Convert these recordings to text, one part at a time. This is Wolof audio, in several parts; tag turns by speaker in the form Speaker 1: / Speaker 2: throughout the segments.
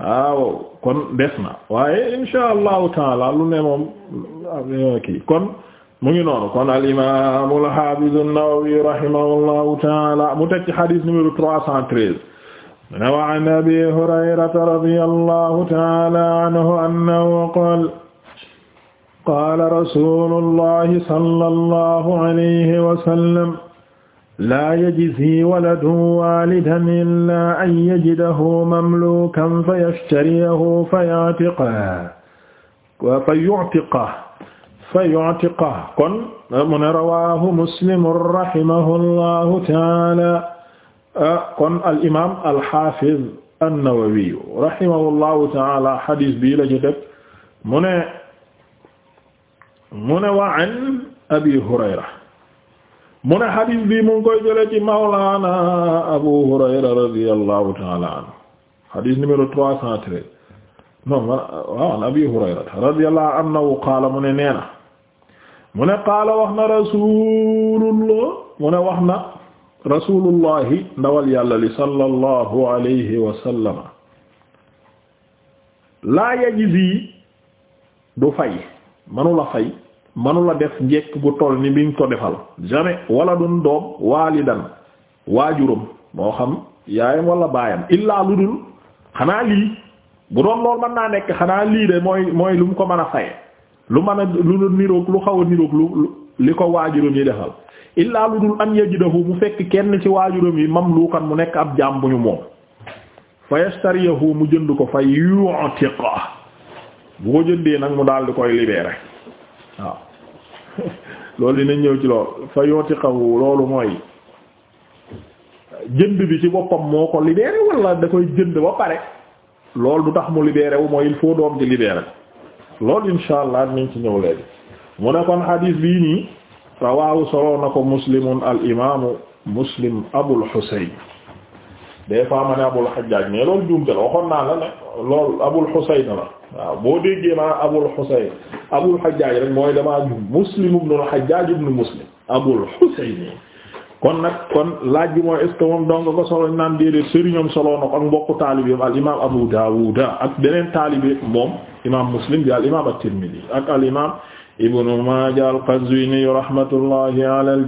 Speaker 1: waaw kon des na waaye insha allahu taala lu ne moom kii kon mu ngi noonu kon al imam al hafiz an-Nawawi rahimahullahu taala mu teg ci hadith numéro trois cent treize ne wa an abi hurayrata radiyallahu taala anhu annahu qala qala rasulullahi sallallahu alayhi wa sallam laa yajzi waladun waalidan illaa an yajidahu mamluukan fa yashtariyahu fa yu'tiqahu fa yu'tiqahu fa yu'tiqahu kon mu ne rawaahu muslim rahimahullahu ta'aala kon al imaam al haafiz an-nawawi rahimahullahu ta'aala hadiis bii la ci dëkk mu ne mu ne wa an abi hurayra mu ne xadiis bi mu ngi koy jëlee ci mawlaana abu hurayra radiyallahu taala anhu an abi hurayra radiyallahu anhu qaala mu ne nee na mu ne qaala wax na wax na rasulullahi ndawal yàlla li sallallahu alayhi wa sallama laa du fay manula fay manula def njekk bu toll ni biñ ko defal jamais wala dun doom waalidan waajuram moo xam yaayam walla baayam illaa lu dul xanaa lii bu doon loolu mën naa nekk xanaa lii de mooy mooy lu mu ko mën a faye lu mën a lu lu xaw a li ko waajuram yi defal illaa lu dul an yajidahu mu fekk kenn ci waajuram yi mamlukan mu nekk ab jaam bu ñu moom fa yastariyahu mu jënd ko fa yu'tiqa bu ko jëndee nag mu daal di koy libérer waaw loolu dinañ ñëw ci loolu fa yooti xaw loolu mooy jënd bi ci boppam moo ko libéré wala da koy jënd ba pare loolu du tax mu libéré wu mooy il faut doom di libéré loolu insha allah dinañ ci ñëw léegi mu ne kon xadiis bii nii rawaahu soloo a ko muslimun al imaamu muslim abul xuseyn des fois ma ne Abul Hajjaj mais loolu juumte la waxoon naa la ne loolu Abul Husayn mooy damaa juum Muslim ibn al-Hajjaj Muslim Abul Husayn kon nag kon laaj bi mooy est ce que moom dong ko solo naan déedéet sëriñam solo na ko ak mbokku taalibeem al Abu Dawud ak beneen taalibe moom imaam Muslim bi al imaam ak al imaam Ibn Majah al ala al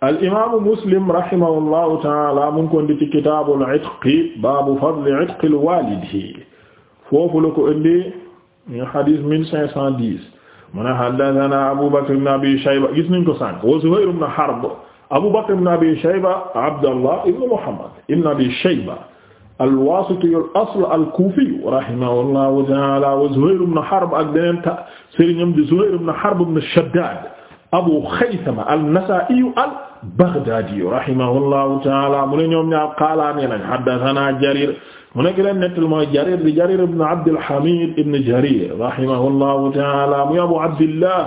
Speaker 1: al imaamu muslim rahimahullahu taala mu ngi ko indi ci kitaabul itqi baabu fadli itqil waalidi foofu la ko indi ñu xadis mille cinq cent dix mu ne haddathana Abu Bakr ibn Abi Shayba gis nañ ko sànq wa Zuhayr ibn Harb Abu Bakr ibn Abi Shayba Abdallah ibn Muhammad ibn Abi Shayba al-Wasiti al-asl al-Kufi rahimahullahu ta'ala wa Zuhayr ibn Harb ak beneen ta sëriñam di Zuhayr ibn Harb ibn Shaddad Abu Khaythama an-Nasa'i al-Baghdaadi rahimahullahu ta'ala mu ne ñoom ñaar qaala nee nañ haddathanaa Jarir mu ne ki leen nettali mooy Jarir di Jarir ibn Abdil Hamid ibn Jarir rahimahullahu ta'ala muy Abu Abdillah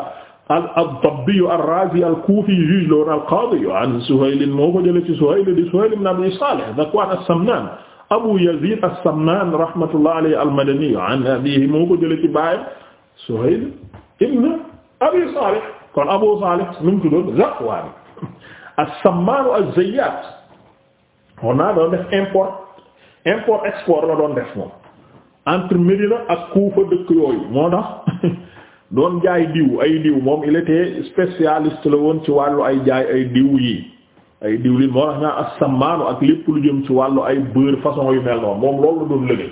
Speaker 1: al-Dabbi ar-Raazi al-Kuufi juge la woon al-qaadi an Suhayl moo ko jëlee ci Suhayl di Suhayl ibn Abi Saalih Dhakwaan as-Sammaan Abu Yaziid as-Sammaan rahmatullahi alayhi al-Madani an abiihi moo ko jëlee ci baayam Suhayl ibn Abi Saalih kon Abu Saalih nu mu tuddoon Dhakwaan as-Sammaan az-Zayyaat on a doon def import import export la doon def moom entre Médina ak Kuufa dëkk yooyu moo tax doon jaay diw ay diw moom il était spécialiste la woon ci wàllu ay jaay ay diw yi ay diw lin moo tax naa as ak lépp lu jëm ci wàllu ay beurre façon yu mel noonu moom loolu la doon lëgéey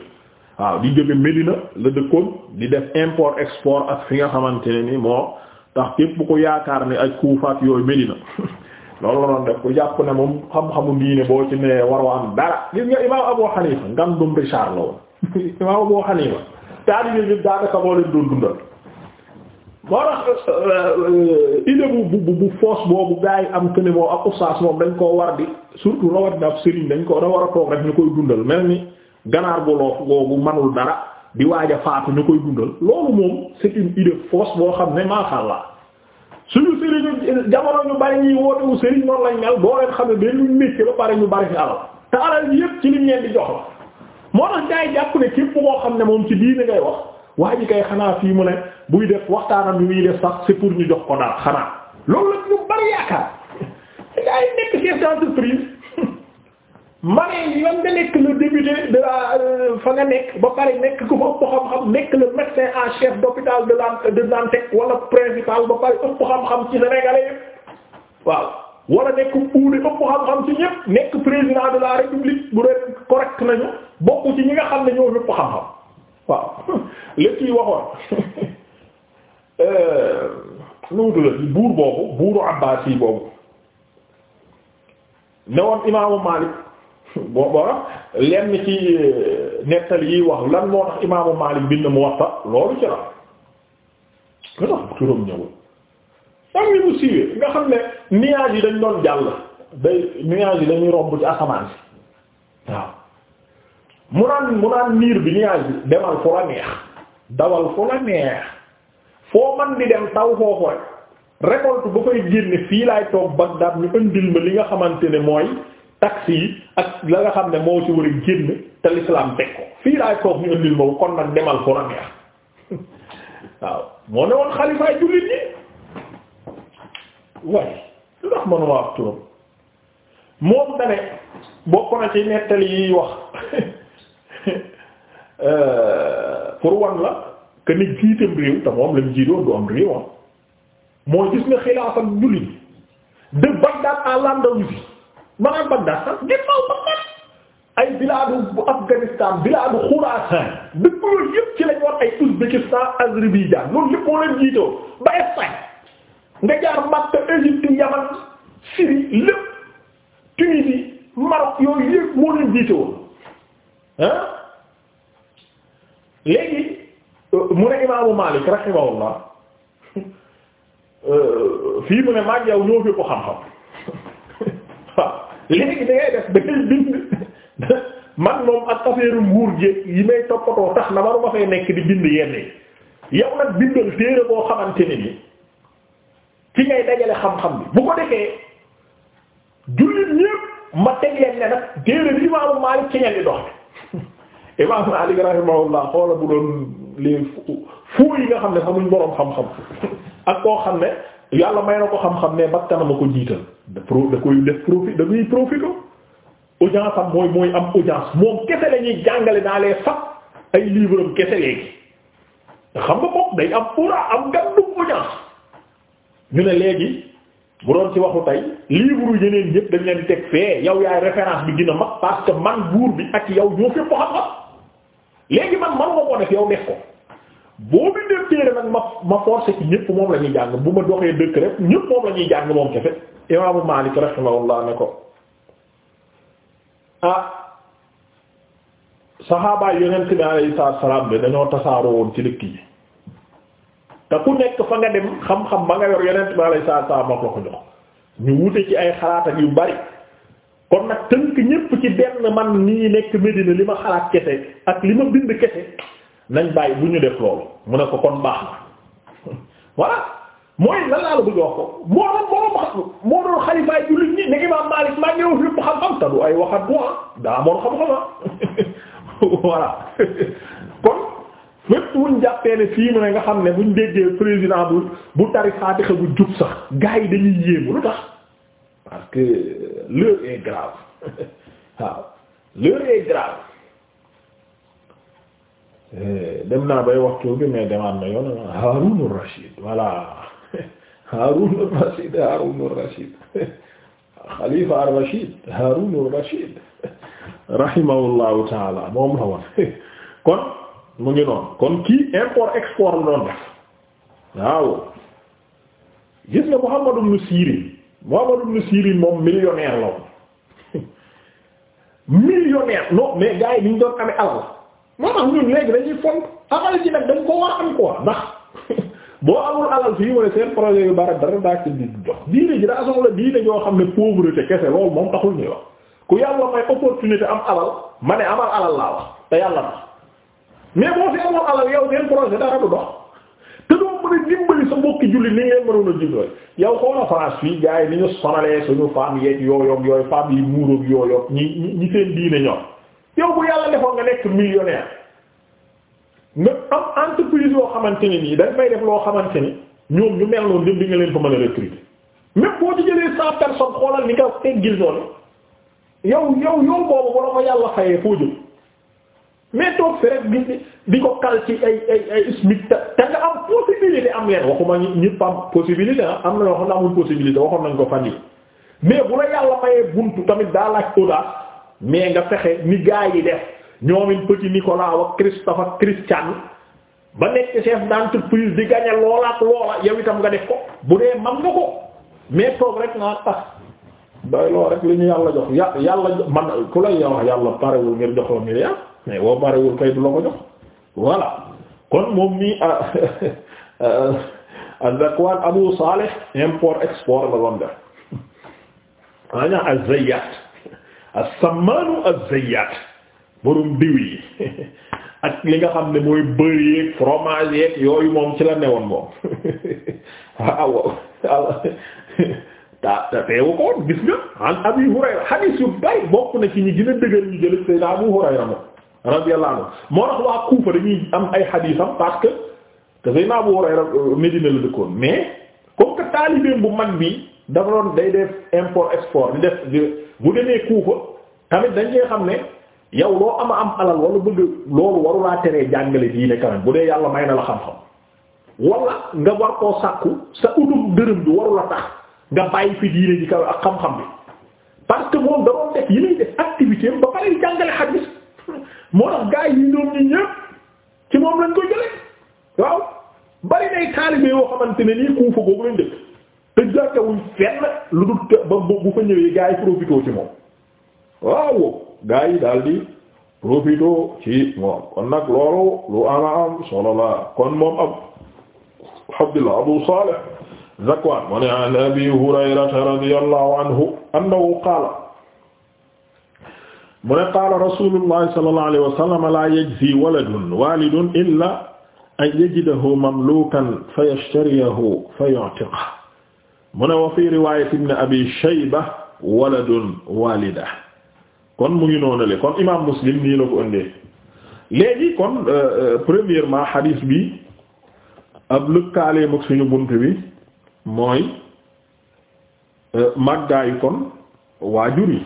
Speaker 1: waaw di jóge Médina la dëkkoon di def import export ak fi nga xamante ne ni moo tax képp ko yaakaar ne ak Kuufa ak yooyu Médina loolu la doon bu ku jàpp ne moom xam-xamu diine boo ci nee waroo am dara gis nga imaam Abu Hanifa ngan dum Richard la woon imaam Abu euh, euh, boobu gaa yi am këne moom moom dañ koo war di surtout rawatina ab sëriñ ko war a toog rek ñu koy dundal mel ni ganaar bu manul dara di waaj a faatu koy dundal loolu moom c'est une idée boo xam ne maaxàllaa ñu jamono ñu bari ñuy woote wu sëriñ noonu lañ mel boo leen xam ne benn métier ba pare ñu bari fi alal te alal yépp ci liñ leen di jox la moo tax gaa yi jàpp ne képp moo xam ne moom ci diine ngay wax waa ji kay xanaa fii mu ne buy def waxtaanam yu muy def sax c'est pour ñu jox ko dara xanaa loolu la ñu bari yaakaar gaa yi nekk chef d'entreprise ma ne lan nga nekk le député de la euh, fa nga nekk ba pare nekk ko fa ëpp xam-xam nekk le médecin en chef d'hôpital de la de Dantec wala principal ba pare ëpp xam-xam ci Sénégalais waaw wala nekk uuli ëpp xam-xam ci ñëpp nekk président de la république bu dee correct nañu bokk ci ñi nga xam ne ñoo ëpp xam-xam waaw lépp yi waxoon euh, nu mu tuddati buur boobu buuru Abbaasi boobu ne imaamu Maalik. boo boo lenn ci euh, nettal yi wax lan moo tax imaamu Maalik bind Muwatta loolu ci la lu turam ñëwul am mu siiwee nga xam ne nuages yi dañ doon jàll day nuages yi dañuy romb ci asamaan si waaw mu naan niir bi nuage bi demal fu la neex dawal fu la neex foo man di dem taw foofu rek récolte ba koy génne fii laay toog Bagdad ñu ëndil ma li nga xamante ne mooy taxi yi ak la nga xam ne moo ci war a génn te l'islam teg ko fii laay toog ñu indil moom kon nag demal fu la neex waaw moo ne woon xalifaay jullit ñi waaye lu tax manuma wax turam moom dane bokk na ci nettali yiy wax euh, pour wan la que nit jiitam réew te moom lañ jiitoon du réewam ah. mooy gis nga xilaaf ak jullit de Bagdad à l'Andalousie maanaam Bagdad sax ginnaaw Bagdad ay bilaadu Afghanistan bilaadu Khurasan dëkk yooyu yëpp ci lañ ay Ouzbékistan Azerbaïdjan loolu lépp moo leen jiitoo ba Espagne nga jaar Makka Égypte Yaman Syrie lépp Tunisie Maroc yooyu yëpp moo leen jiitoo léegi euh, mu imaamu Malik rahimahullah euh, fii mu ne maag yow ñoo xam-xam léegi da def da ngay bind man moom ak affaire nguur gi yi may toppatoo tax na waruma fay nekk di bind yenn yi yow nag bindal téere boo xamante ne ni ci ngay dajale xam-xam bi bu ko defee jullit ñépp ma teg leen nag téere bi imaamu Maalik ci ngeen di dox imaamu Maalik rahimahullah xoola bu doon les fous yi nga xam ne xamuñ boroom xam-xam ak koo xam ne yàlla may na ko xam-xam ne bakkanam a ko jiital da pro da koy def profit da koy profité audience am mooy mooy am audience moom kese la ñuy jàngale naa lee sax ay livre am kese léegi xam nga moom day am pour am gàddu audience ñu ne léegi bu doon ci waxu tey livre yeneen yëpp dañ leen teg fee yow yaay référence bi gën a mag parce que man buur bi ak yow ñoo fépp xam-xam léegi man man nga ko def yow def ko. boo bindee téere nag ma ma forcé ci ñëpp moom la jàng bu ma doxee dëkk rek ñëpp moom la ñuy jàng moom kese imaamu Maalik rahimahullah ne ko ah saxaabaay yonent bi alayhi salaam de dañoo tasaaroo woon ci dëkk yi te ku nekk fa nga dem xam-xam ba nga yor yonent bi alayhi salaam la ko jox ñu wute ci ay xalaat ak yu bari kon nag tënk ñëpp ci benn man nii nekk Medina li ma xalaat kese ak li ma bind kese. nañ bàyyi bu ñu def loolu mu ne ko kon baax na voilà mooy lan laa la bëgg wax ko moo doon moo doon xalifaay jullit ñi ne Imaam Maalik maa ngi xam-xam ay waxat bu ah, daa wuñ ah. jàppee ne fii mu nga xam ne buñ déggee président bu bu tari Faatiha bu jub sax gars yi dañuy yéemu lu tax parce que euh, l'heure est waaw l'heure est grave Eh, dem naa bay waxtu bi mais demaat na yoon Haarun ar-Rashid voilà rashid Haarun ar-Rashid rashid Haarun ar-Rashid rahimahullahu taala moom la woon kon mu ngi noonu kon kii import export la doon def waaw gis nga Muhammad ibn Sirin Muhammad ibn Sirin moom millionnaire la woon millionnaire non mais gars yi ni doon amee alal moo tax ñun léegi dañuy fonk alal ci nag dañ ko war a am quoi ndax boo amul alal fii mooy seen projet yu bari dara daa ci di jox diine ji daa soxla diine joo xam ne pauvreté kese loolu moom taxul ñuy wax ku yàlla may opportunité am alal ma ne amal alal laa wax te yàlla tax mais boo fi alal yow seen projet dara du dox te doo mën a dimbali sa mbokki julli ni ngeen mënoon a dimbali yow xoo na France fii gars yi ni ñu sonalee suñu femme yeeg yooyoog yooyu femme yow bu yàlla defoon nga nekk millionnaire nga am entreprise yoo xamante ne nii dañ fay def loo xamante ni ñoom ñu mel noonu di nga leen fa mën a recruter même jëlee cent personnes xoolal ni nga teggil noonu yow yow yow boobu wala ma yàlla fayee foo jël mais toog fi rek di ko kal ci ay ay ay SMIC te nga am possibilité am leen waxuma ñëpp am possibilité ah am na yoo xam ne amul possibilité waxoon nañ ko fan mais bu la yàlla fayee tamit daa laaj audace. mais nga fexe ni gaa yi def ñoomin petit Nicolas wa Christophe ak Christian ba nekk chef d'entreprise di gagner loola ak loola yow itam nga def ko bu dee man nga ko mais toog rek naa tax ah, doy loo rek li ñu yàlla jox yà yàlla man ku lay wax yàlla parewul ngir jox la milliard mais boo parewul kay du la ko jox voilà kon moom a ah, euh, euh, Zakwan Abu Salih import export la doon def maanaam a zayyat as-sammaanu az-zayyaat diw yi ak li nga xam ne mooy beurre yeeg fromage yooyu moom ci la newoon moom ah, ta ta teewu ko woon gis nga an Abi Hurayra hadith yu bari bokk na ci ñi gën a dëgër ñu jël Seydina Abu Hurayra moom radiyallahu anhu moo tax waa Kufa dañuy am ay haditham parce te Seydina Abu Hurayra euh, Medina la dëkkoon mais comme que taalibeem bu mag bi dafa doon day def import export di def bu demee Kuufa tamit dañ cee xam ne yow loo ama am alal wala bëgg loolu warulaa teree jàngale diine quand bu dee yàlla may na la xam-xam wala nga war koo sàkku sa utum dërëm bi warula tax nga bàyyi fi diine ji kaw parce que moom da doon ba pare jàngale xadiis moo tax gaa yi ñoom ñi ñëpp ci moom lañ ko jële waaw bari nay taalibe yoo xamante ne Kuufa googu lañ dëkk te jàkkewuñ fenn lu dul te ba bu fa ñëwee gaa yi profitoo ci moom waaw gaa yi daal di profitoo ci moom kon nag loolu lu ama am solo la kon moom ab Abdullah Abu Salih Zakwan mu ne an Abi Hurayrata radiyallahu anhu annahu qaala mu ne qaala rasulullahi sallallahu alayhi wa sallam la yajzi waladun walidun illa an yajidahu mamlukan fayashtariyahu fayu'tiqahu mu ne wa fi riwayat abi shayba waladun walida kon mu ngi noonale kon imam muslim nii la ko ëndee léegi kon euh, euh, premièrement hadith bi ab lëkkaalee suñu bunt bi mooy euh, màggaayu kon waajur yi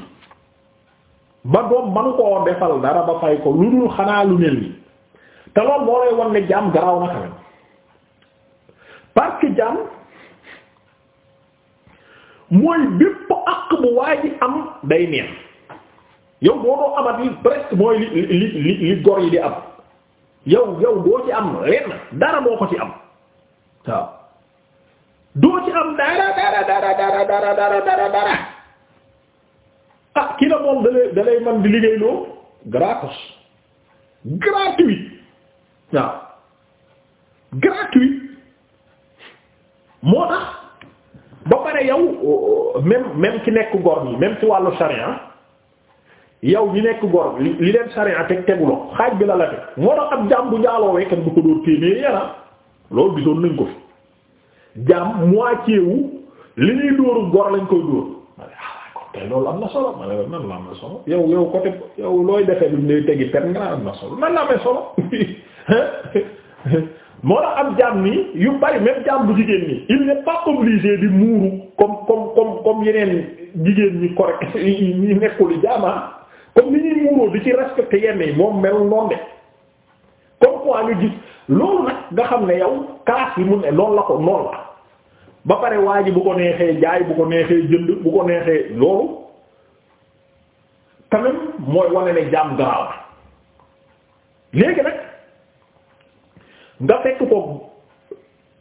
Speaker 1: ba doom manu koo defal dara ba fay ko lu dul xanaa lu mel ni te loolu moo lay wan ne jaam garaaw na tamit parce jaam mooy bépp àq bu waa ji am day neen yow doo doo amat yi presque mooy li li li li gor yi di am yow yow doo ci am lenn dara doo ko ci am waaw doo ci am dara dara dara dara ah ki la moom dalay dalay man di liggéey loo gratos gratuit waaw gratuit moo tax ne yow même même ki nekk góor ñi ci wàllu sharia yow ñi nekk li leen sharia teg teguloo la la teg moo tax ab jaam bu njaaloowee kenn bu ko dóor téeméer yara loolu gisoon nañ ko fi ah, loolu am na solo ma ne solo yow yow côté yow looy defee lu ñu lay tegi am na solo man la amee solo moo tax am jaam nii yu bari même jaam bu jigéen nii il n'est pas obligé di muuru comme comme comme comme yeneen jigéen ñi correct ñi nekkul jaamaa ah. comme ni ñuy muuroo di ci respecté yenn yi moom melul noonu de comme quoi ñu gis loolu nag nga xam ne yow classe yi mu ne loolu la ko noonu la ba pare waa ji bu ko neexee jaay bu ko neexee jënd bu ko neexee loolu quand même mooy wane ne jaam garaaw léegi nag. nga fekk ko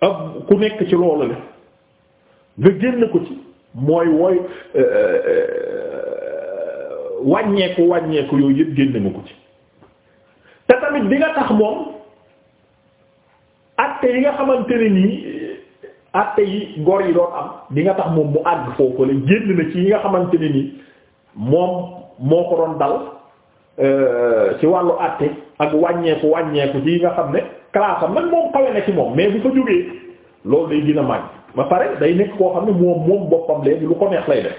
Speaker 1: ab ku nekk ci loolu la nga génn ko ci mooy wooy euh, euh, wàññeeku wàññeeku yooyu génn nga ko ci te tamit di nga tax moom atte yi nga xamante ne nii atte yi góor yi doon am di nga tax moom mu àgg foofu la génn na ci yi nga xamante ne nii moom moo ko doon dal euh, ci wàllu atte ak wàññeeku wàññeeku ci yi nga xam ne classe man nag moom xawe na ci moom mais bu ko jógee loolu day gën a ba pare day nekk koo xam ne moom moom boppam léegi lu ko neex lay def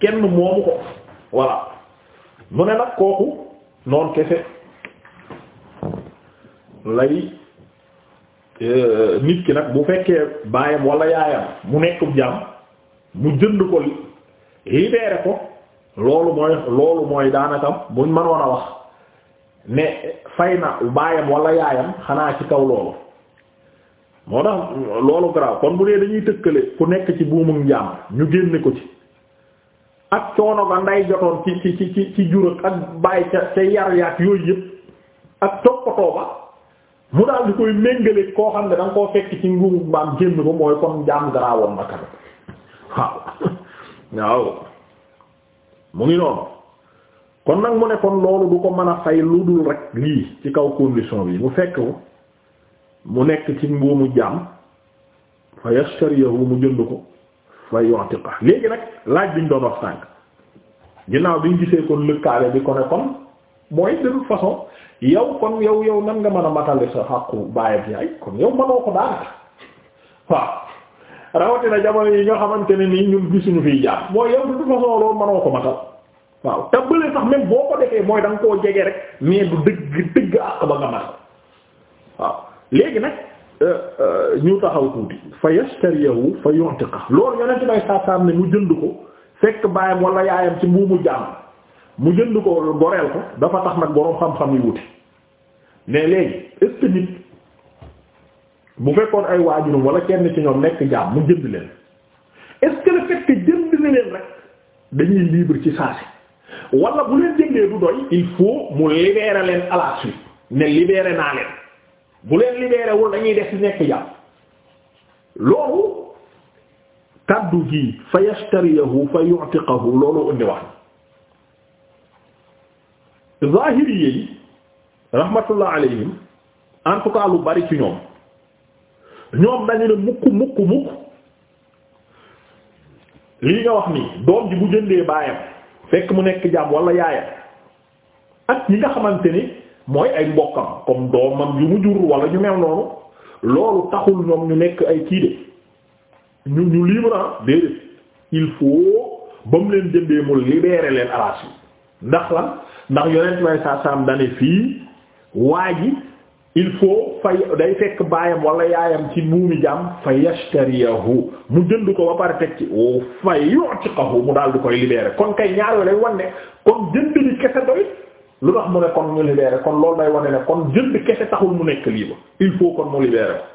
Speaker 1: kenn moomu ko voilà mu ne nag kooku noonu kese lay euh, nit ki nag bu fekkee baayam wala yaayam mu nekkum jaam mu jënd ko libéré ko loolu mooy loolu mooy daanakam buñ mënoon a wax ne fay na baayam wala yaayam xanaa ci kaw loolu moo tax loolu garaaw kon bu dee dañuy tëkkale ku nekk ci buumum njaam ñu génne ko ci ak coono ba nday jotoon ci ci ci ci ak bàyyi ca ca yar yooyu yëpp ak toppatoo ba mu daal di koy méngale koo xam ne da koo fekk ci nguur mbaam génn ko mooy kon njaam garaawoon na tamit waaw waaw mu ngi noonu kon nag mu ne kon loolu du ko mën a fay lu dul rek lii ci kaw condition bi mu fekk mu nekk ci mbuumu jaam fa yashtariyahu mu jënd ko fa yu'tiqa léegi nag laaj bi ñu doon wax sànk ginnaaw bi ñu gisee kon lëkkaale bi ko ne kon mooy de toute façon yow kon yow yow nan nga man a matale sa xàqu baay bi kon yow mënoo ko daanaka waaw rawatina jamono yi nga xamante ne nii ñun gisuñu fiy jaam mooy yow de toute façon loolu mënoo ko matal. waaw te bële tax même boo ko defee mooy da nga koo jege rek mais du dëgg dëgg àq ba nga mën waaw léegi nag euh, euh, ñu taxaw tuuti fa yashtariyahu fa yu'tiqa loolu yonent bay saasaam ne mu jënd ko wala yaayam ci mbuumu jàmm mu jënd ko goreel ko dafa tax nag boroom xam-xam yi wuti mais léegi est-ce bu fekkoon ay waajurum wala kenn ci ñoom nekk jaam mu jënd leen est-ce jënd leen rek dañuy libre ci saa walla bu leen jëndee du doy il faut mu libérer leen à la ne libérer naa leen bu leen libérer dañuy def ci nekk jàpp loolu kaddu gi fa yashtariyahu fa yu'tiqahu loolu en tout cas lu bari ci ñoom ñoom dañu ne mukk mukk mukk lii nga wax nii doom ji bu jëndee baayam fekk mu nekk jaam wala yaayam ak ñi nga xamante ni mooy ay mbokkam comme doomam yu mu jur wala ñu mel noonu loolu taxul ñoom ñu nekk ay kii de ñu ñu libre ah déedéet il faut ba mu leen jëndee mu libérer leen alaas yi ndax lan ndax yonent may saa saam dane fii waa il faut fay day fekk baayam wala yaayam ci muumi jaam fa yashtariyahu mu jënd ko ba pare teg ci o fa yu'tiqahu mu dal di koy libérer kon kay ñaar lay wane kon jënd kese doy lu tax mu ne kon kon loolu day wane ne kon jënd mu nekk il faut kon mu libérer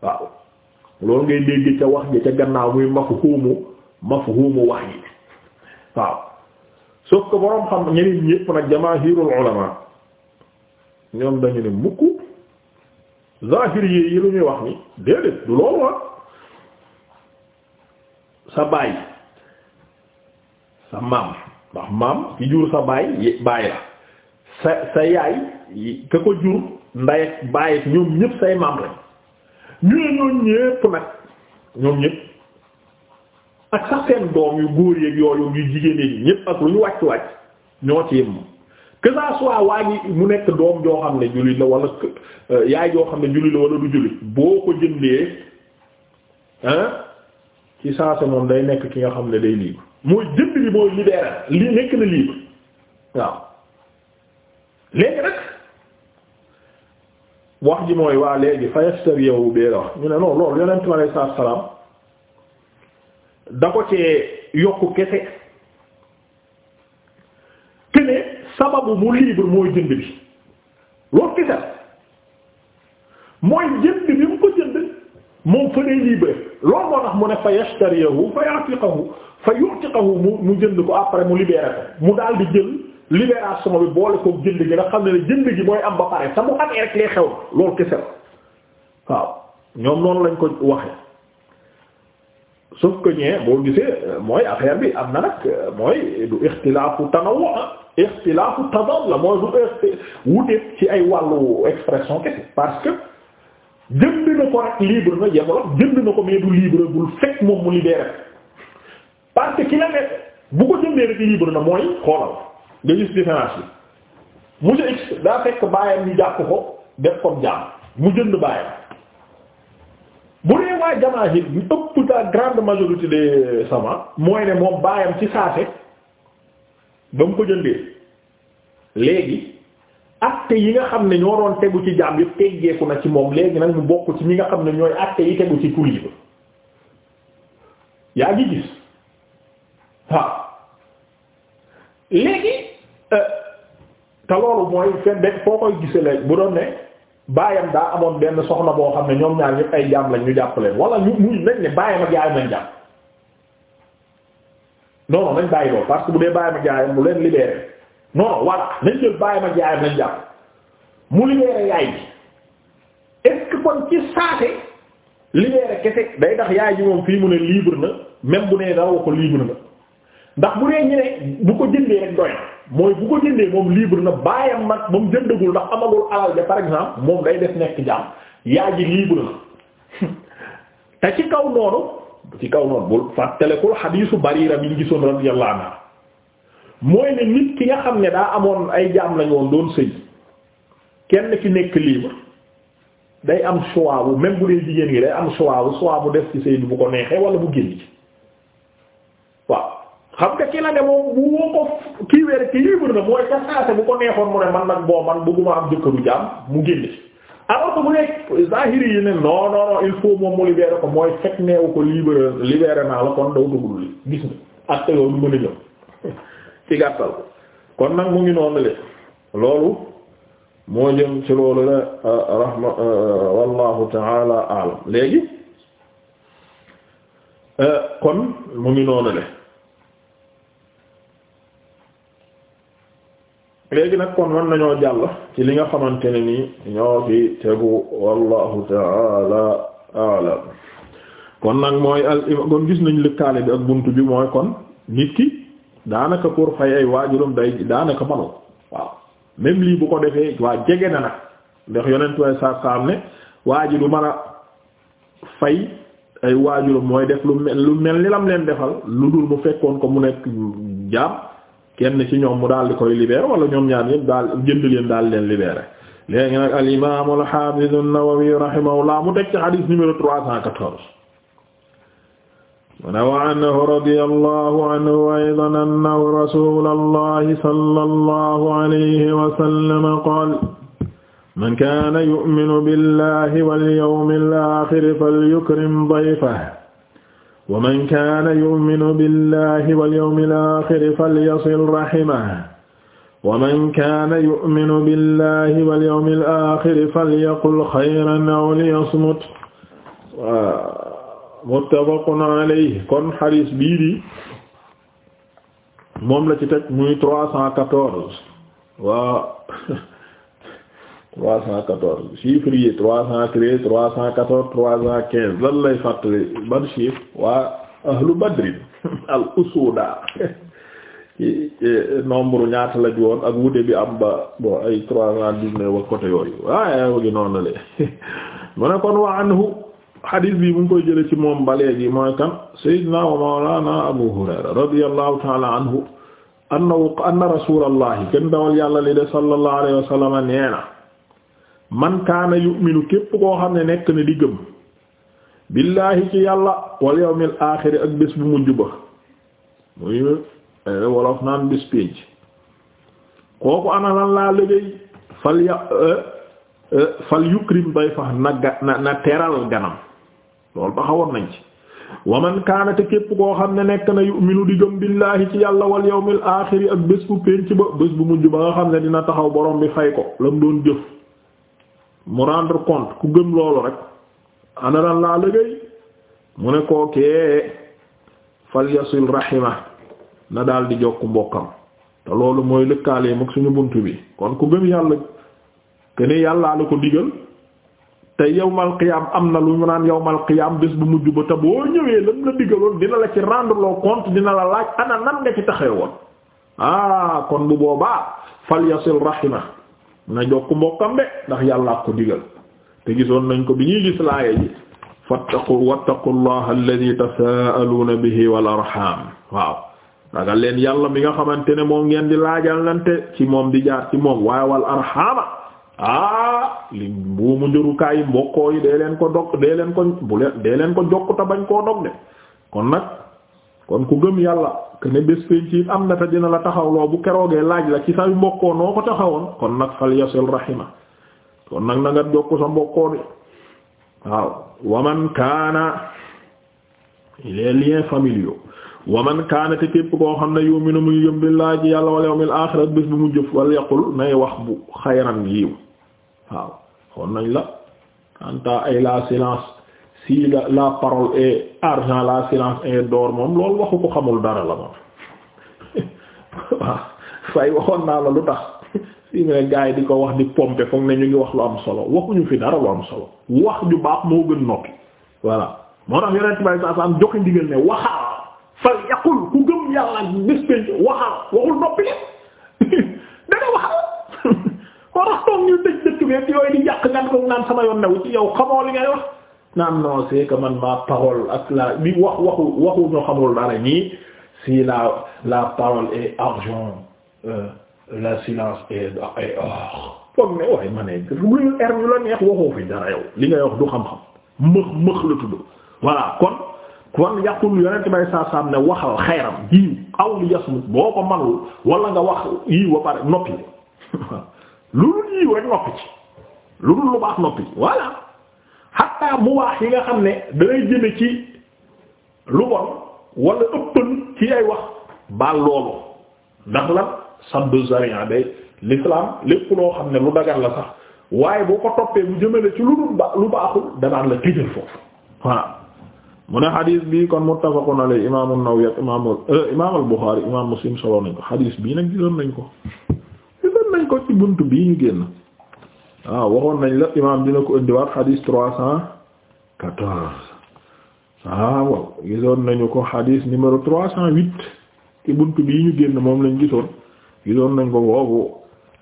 Speaker 1: ko waaw loolu ngay dégg ca wax ji ca gannaaw muy mafhumu mafhumu wax ji waaw sauf boroom xam ñeneen ñépp nag jamaahirul ulama ñoom dañu ne mukk zahiri yi lu ñuy wax ni déedéet du loolu wax ah. sa baay sa maam ndax maam ki jur sa baay baay la sa sa yaay ka ko jur nday baay ñoom ñëpp say maam lañ ñu ne ñoom ñëpp nag ñoom ñëpp ak sax seen doom yu góor yeeg yooyu yu jigéen yi ñëpp ak lu ñu wàcc wàcc ñoo ci yem que ça waa ji mu nekk doom joo xam ne jullit la wala euh, yaay joo xam ne jullit la wala du jullit boo ko jëndee hein ci saa sa moom day nekk ki nga xam ne day libre mooy jënd bi mooy libéré li nekk na libre waaw léegi nag wax ji mooy waa léegi fayastar yow bee la wax ñu ne non loolu yonent bi alayhi salaam da ko cee yokk kese sababu mu libre mooy jënd bi loolu kese mooy jënd bi mu ko jënd moom fa dee libre loolu moo tax mu ne fa yashtariyahu fa yu'tiqahu fa yu'tiqahu mu jënd ko après mu daal di jël libération bi boole ko jënd gi nga xam ne jënd gi mooy am ba pare te mu amee rek lay xew loolu kese la ñoom noonu lañ ko waxee. sauf que boo gisee mooy affaire bi am na nag mooy du ixtilaafu tanawwu ixtilaafu tadal la mooy du wuteet ci ay wàllu expression kese parce que jënd na ko rek libre na yemolog jënd na ko mais libre bul fekk moom mu libéré parce que ki la ne bu ko jëndee rek libre na mooy xoolal nga gis différence bi monsieur X daa fekk baayam ñu jàpp ko def ko jaam mu jënd baayam bu dee waa jamaahir bi ëpp la grande majorité des savants mooy ne moom baayam ci saase ba mu ko jëndee léegi ate yi nga xam ne ñoo doon tegu ci jaam yëpp teggeeku na ci moom léegi nag mu bokk ci ñi nga xam ne ñooy acte yi tegu ci kuli ba yaa ngi gis waaw léegi euh, te mooy foo koy gise la bu doon ne baayam daa amoon benn soxna boo xam ne ñoom ñaar ñëpp ay jaam lañ ñu jàpp leen wala ñu muy nañ ne baayam ak yaayam lañ non non nañ bàyyi loolu parce que bu dee bàyyi ma jaayam bu leen libéré non non nañ jël bàyyi ma jaayam nañ jàpp mu libéré yaay ji est-ce ci saate libéré kese day tax yaay bi moom fii mu ne libre na même bu nee dara wa ko libre na ndax bu dee ñu bu ko jëndee rek mooy bu ko jëndee moom libre na bàyyam ba moom jëndagul ndax amagul alal de par exemple moom day def nekk jaam yaay ji libre na te ci kaw noonu. ci kaw noonu bul fàttalikul xadiisu Bariira bi ñu gisoon radiyallahu anha mooy ne nit ki nga xam ne daa amoon ay jaam lañu woon doon sëy kenn ki nekk libre day am choix bu même bu dee jigéen gi day am choix bu bu def ci sëy bi bu ko neexee wala mu génn ci waaw xam nga ki la ne moom bu ko kii weer ki libre na mooy ca saase bu ko neexoon mu ne man nag boo man bëgguma am jëkkëru jaam mu génn ci alors ah, que bu nekk zahiri yi ne non il faut moom mu libéré ko mooy fekk neewu ko libéré libéré naa la kon daw duggul li gis nga ak yow du mën a ñëw ci gàttal kon nag mu ngi noonu le loolu moo jëm ci loolu la euh, rahma euh, wallahu taala alam léegi euh, kon mu ngi noonu le léegi nag kon man nañoo jàll ci li nga xamante ne nii ñoo fi tegu wallahu taala alam kon nag mooy al kon gis nañ lëkkaale bi ak buntu bi mooy kon nit ki daanaka pour fay ay waajuram day daanaka manu waaw même lii bu ko defee waa jege na nag ndax yonent way sa saam ne waa ji du mën a fay ay waajuram mooy def lu mel lu mel ni lam leen defal lu dul mu fekkoon ko mu nekk jaam kenn ci ñoom mu daal di koy libéré wala ñoom ñaar ñëpp daal jënd leen daal leen libéré léegi nag al imam al hafiz an-Nawawi rahimahullah mu teg ci hadith numéro 314 mune wa anhu radi allahu anhu aydan annahu rasula allahi sala allahu alayhi wasallama qaal man kaana yuminu billahi walyawmi alaaxiri falyukrim dayfahu wa man kaana yu'minu billahi wal yawmil aaxiri falyasil rahimahu wa man kaana yu'minu billahi wal yawmil aaxiri falyaqul xayran aw liyasmut muttafaqun alayhi kon xadiis bii di moom la ci teg muy 314 waaw trois cent quatorze chiffres yi trois cent treize trois cent quatorze trois cent quinze lan lay fàttali ban chiffre waa ahlu badrin al usuda ci nombre ñaata la woon ak wute bi am ba bon ay trois cent dix-neuf wa côté yooyu wagi noonu le mu kon wa anhu hadis bi mu ngi koy jële ci moom ba léegi mooy kan sayyidina wa mawlana abu hurayra radiyallahu ta'ala anhu anna anna rasulallahi kenn dawal yàlla li de sallallahu alayhi wa neena man kaana yu'minu képp koo xam ne nekk na di gëm billaahi ci yàlla wal yawmil aaxiri ak bés bu mujj ba muy eh, wolof naan bés pénc kooku ana lan laa liggéey fal ya eh, eh, fal yukrim dayfa na na na teral képp koo xam ne nekk na yu'minu di gëm billaahi ci yàlla wal yawmil aaxiri ak bés bu bu mujj ba nga xam ne dina taxaw borom bi fay ko lam doon jëf mu rendre compte ku gëm loolu rek ana lan laa liggéey mu ne kookee falyasil rahima na daal di jokk mbokkam te loolu mooy lëkkaale mag suñu bunt bi kon ku gëm yàlla ke ne ko digal te yawmal qiyam am na lu mu naan yawmal qiyam bés bu mujj ba te boo ñëwee lam la digaloon dina la ci rendre loo compte dina la laaj ana nan nga ci taxee woon ah kon bu boobaa falyasil rahima na jokk mbokkam de ndax yàllaa ko digal te gisoon nañ ko bi ñuy gis laaya ji fattaqu wattaqullaha alladhi tasaaluna bihi wal arham waaw ragal leen yàlla mi nga xamante ne moom ngeen di laajalante ci moom di jaar ci moom waaye wal arhama ah li buumu njurukaayi mbokkoo yi dee leen ko dog dee leen ko bu leen dee leen ko jokkuta bañ koo dog de kon nag kon ku gëm yàlla que ne bés pénc am na te dina la taxawloo bu keroogee laaj la ci say mbokkoo noo ko taxawoon kon nag fal yasil rahima kon nag na nga jokk sa mbokkoo bi waaw waman kaana les liens familiaux waman kaana te képp koo xam ne yuminu muy yëm laaj ji yàlla wal yawmil aaxirat bés bu mu jëf wal yaqul nay wax bu xayran yiw waaw kon nañ la anta ay la silence si la la parole est argent la silence est moom loolu waxu ko xamul dara la moom waaw fay waxoon naa la lu tax si mu ne yi di ko wax di pomper foog ne ñu ngi wax lu am solo waxuñu fi dara lu am solo wax ju baax moo gën noppi voilà moo tax yonent bay ne waxal fal yaqul ku gëm yàlla bés pénc waxal waxul noppi li dana waxal moo tax toog ñu dëj dëkk bi yooyu di yàq ngan ko naan sama yoon new ci yow xamoo li ngay wax naan non c'est que man ma parole ak la bi wax waxu waxu ñu xamul dara ñii si la la parole est argent euh, le silence est est or foog ne waaye ma ne lu er la neex waxoo fi dara yow li ngay wax du xam-xam mëx mëx la tudd voilà kon kon yàqul yonent bay saasaam ne waxal xayram jiw aw li yasmut boo ko manul wala nga wax yiw ba pare noppi lu dul lu lu baax noppi ci xatta mu waax yi nga xam ne danay jëme ci lu bon wala ëppal ci ay wax baal loolu ndax lan saddu zari'a day l'islam lépp loo xam ne lu dagal la sax waaye boo ko toppee bu jëmale ci lu dul ba lu baaxul danaan la tëjal foofu voilà mu ne xadis bi kon muttafaqun alayhi imam an-Nawawi ak imam euh, imam al-Bukhari imam Muslim solo nañ ko xadis bii nag gisoon nañ ko gisoon nañ ko ci bunt bii ñu génn waaw ah, waxoon nañ la imaam dina ko indiwaat xadiis trois cent quatorze ah gisoon nañu ko xadiis numéro trois cent ki bunt buntu bii ñu génn moom lañ gisoon gisoon nañ ko boobu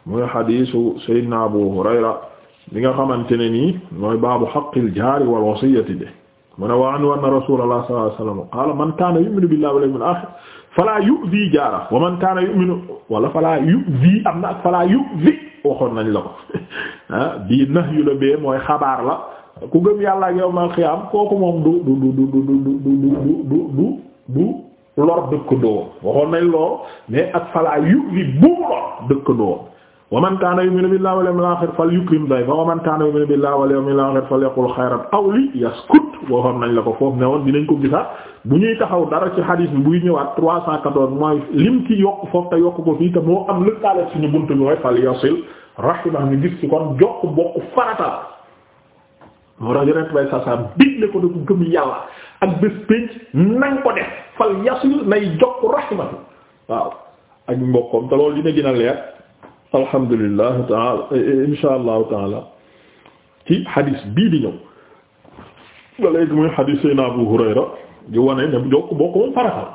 Speaker 1: muy xadiisu Seydina Abu Hurayra li nga xamante ne nii mooy baabu xaqil jaari wal wasiyati de mu ne wa anhu anna rasulallah sallallahu alayhi wasallam qaala man kaana yu'minu billahi wal yawmil aaxir falaa yu'zi falaa yu'zi am na falaa yu'zi waxoon nañ la ko ah bii nahyu la bee mooy xabaar la ku gëm yàlla ak yawmal xiyaam kooku moom du du du du du du du du du du lor dëkkandoo waxoon nañ lool mais ak falaa yu li bu mu lor dëkkandoo wa man kaana yu'minu billahi wal yawmil akhir falyukrim dayfahu wa man kaana yu'minu billahi wal yawmil akhir falyaqul khayran aw liyaskut waxoon nañ la ko foofu ne woon dinañ ko gisaat bu ñuy taxaw dara ci xadiis bi buy ñëwaat trois cent quatorze mooy lim ci yokk foofu te yokk ko fii te moo am lëkkaale suñu bunt bi mooy falyasil rahimah ñu gis ci kon jokk bokk farata moo tax yonent bay sasam digle ko def gëm yàlla ak bés pénc nañ ko def falyasil nay jokk rahimah waaw ak mbokkoom te loolu dina gën a leer alhamdulilah taala insha allah taala ci hadis bii di ñëw ba léegi muy hadis sayna Abu Hurayra di wane ne jokk boo ko moom faratal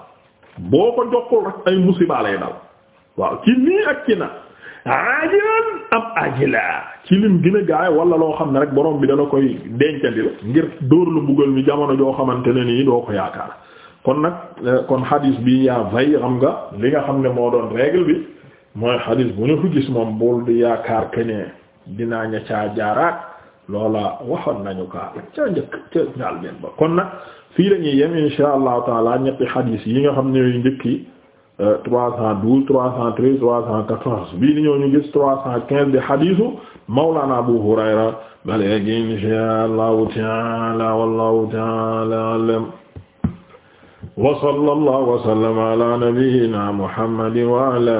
Speaker 1: boo ko jokkul rek ay musiba lay dal waaw ci nii ak ci na ajilan am ajila ci lim gën gaay wala loo xam ne rek borom bi dana koy dencandi la ngir dóor la mbugal mi jamono joo xamante ne nii doo ko yaakaar kon nag eh, kon hadis bi yaa vay xam nga li nga xam ne moo doon règle bi mooy xadis bu ñu gis moom bul di yaakaar ke ne dinaa ña caa loola waxoon nañu kaa ca njëkk ca ñaal benn ba kon nag fii lañuy yem insha allahu taala ñetti xadis yi nga xam ne yooyu njëkk yi 312 313 314 bii di ñëw ñu gis 315 di xadisu mawlana abu hurayra ba léegi insha allahu taala wallahu taala alam wa sallallahu wa sallama ala nabiyyina muhammadin wa ala